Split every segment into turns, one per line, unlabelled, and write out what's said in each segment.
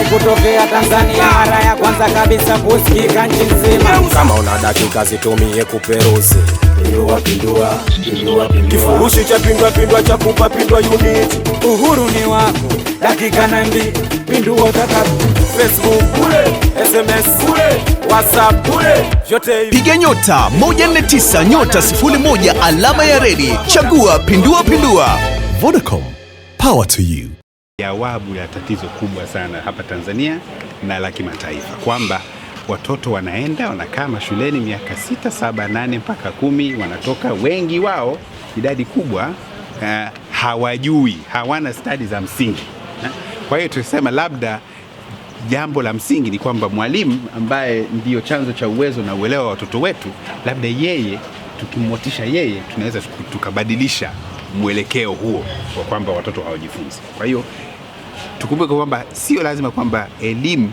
Iliwahi kutokea Tanzania mara ya kwanza kabisa kusikika nchi nzima. Kama una dakika zitumie kuperuzi pindua, pindua, pindua, pindua. kifurushi cha pindua pindua cha kupa pindua unit. Uhuru ni wako, dakika na mbi pindua taka Facebook kule SMS kule WhatsApp kule yote. Piga nyota 149 nyota 01 alama ya redi, chagua pindua pindua. Vodacom, power to you. Jawabu ya tatizo kubwa sana hapa Tanzania na la kimataifa kwamba watoto wanaenda wanakaa mashuleni miaka sita, saba, nane mpaka kumi, wanatoka wengi wao, idadi kubwa uh, hawajui, hawana stadi za msingi. Eh. Kwa hiyo tusema labda jambo la msingi ni kwamba mwalimu ambaye ndiyo chanzo cha uwezo na uelewa wa watoto wetu, labda yeye tukimmotisha yeye, tunaweza tukabadilisha mwelekeo huo wa kwamba watoto hawajifunzi. Kwa hiyo tukumbuke kwamba sio lazima kwamba elimu,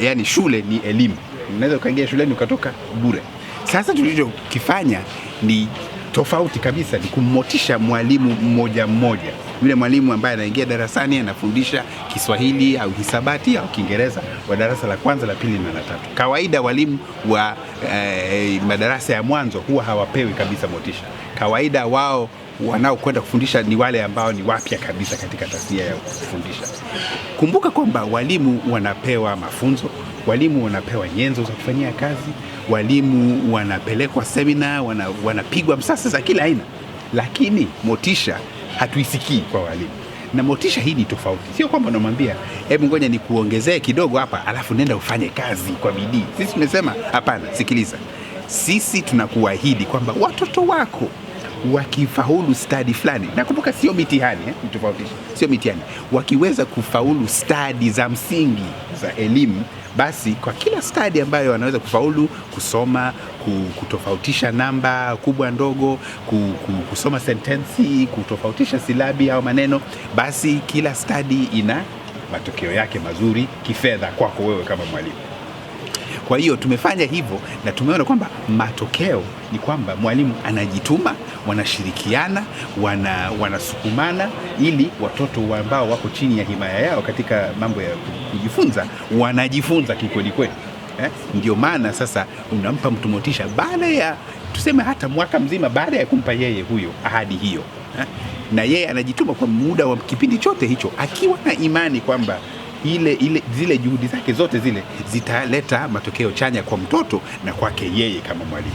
yani shule ni elimu, unaweza ukaingia shuleni ukatoka bure. Sasa tulichokifanya ni tofauti kabisa, ni kumotisha mwalimu mmoja mmoja yule mwalimu ambaye anaingia darasani anafundisha Kiswahili au hisabati au Kiingereza wa darasa la kwanza, la pili na la tatu. Kawaida walimu wa eh, madarasa ya mwanzo huwa hawapewi kabisa motisha. Kawaida wao wanaokwenda kufundisha ni wale ambao ni wapya kabisa katika tasnia ya kufundisha. Kumbuka kwamba walimu wanapewa mafunzo, walimu wanapewa nyenzo za kufanyia kazi, walimu wanapelekwa semina, wanapigwa msasa za kila aina, lakini motisha hatuisikii kwa walimu na motisha hii ni tofauti, sio kwamba unamwambia hebu ngoja nikuongezee kidogo hapa alafu nenda ufanye kazi kwa bidii. Sisi tumesema hapana, sikiliza, sisi tunakuahidi kwamba watoto wako wakifaulu stadi fulani, nakumbuka sio mitihani eh, mtofautishe, sio mitihani, wakiweza kufaulu stadi za msingi za elimu basi kwa kila stadi ambayo wanaweza kufaulu kusoma, kutofautisha namba kubwa ndogo, kusoma sentensi, kutofautisha silabi au maneno, basi kila stadi ina matokeo yake mazuri kifedha kwako wewe kama mwalimu. Kwa hiyo tumefanya hivyo na tumeona kwamba matokeo ni kwamba mwalimu anajituma, wanashirikiana, wana, wanasukumana ili watoto ambao wako chini ya himaya yao katika mambo ya kujifunza wanajifunza kikweli kweli. Eh, ndio maana sasa unampa mtu motisha baada ya tuseme hata mwaka mzima baada ya kumpa yeye huyo ahadi hiyo eh, na yeye anajituma kwa muda wa kipindi chote hicho akiwa na imani kwamba ile, ile, zile juhudi zake zote zile zitaleta matokeo chanya kwa mtoto na kwake yeye kama mwalimu.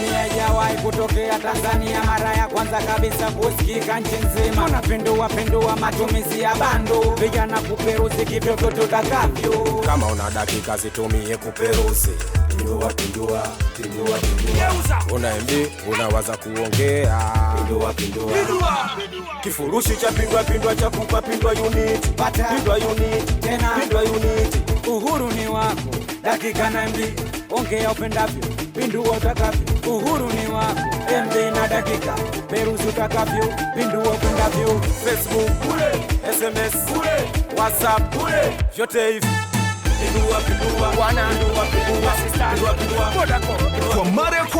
zamani haijawahi kutokea Tanzania, mara ya kwanza kabisa kusikika nchi nzima. Unapindua pindua matumizi ya bandu vijana kuperuzi kivyovyote utakavyo. Kama una dakika zitumie kuperuzi Una MB unawaza kuongea pindua, pindua. Pindua. Kifurushi cha pindua pindua cha kupa pindua unit pata pindua unit tena pindua unit. Uhuru ni wako dakika na MB ongea upendavyo, pindua utakavyo, uhuru ni wako, MB na dakika peruzi utakavyo, pindua upendavyo, Facebook bure, SMS bure, WhatsApp bure, vyote hivi pindua, pindua